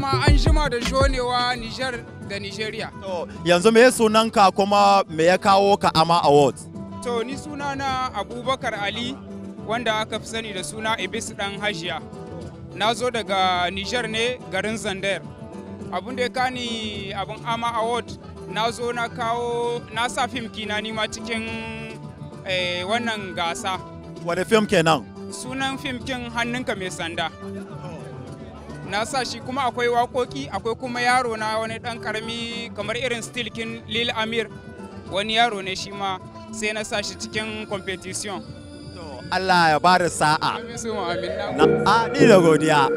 dama an jima da shonewa Nijar da Nijeriya. To yanzu me sunanka kuma me ya kawo ka Ama Awards? To ni sunana Abubakar Ali wanda aka fi sani da suna Ibis dan Hajiya. Na zo daga Nijar ne garin Zander Abin da ya kani abin Ama Award na zo na kawo na sa fim kina nima cikin eh, wannan gasa. Wane fim kenan? Sunan fim kin hannunka mai sanda. na sa shi kuma akwai waƙoƙi akwai kuma yaro na wani ɗan ƙarami kamar irin stilkin lil amir wani yaro ne shi ma sai na sa shi cikin competition Allah ya ba da sa'a na ni da godiya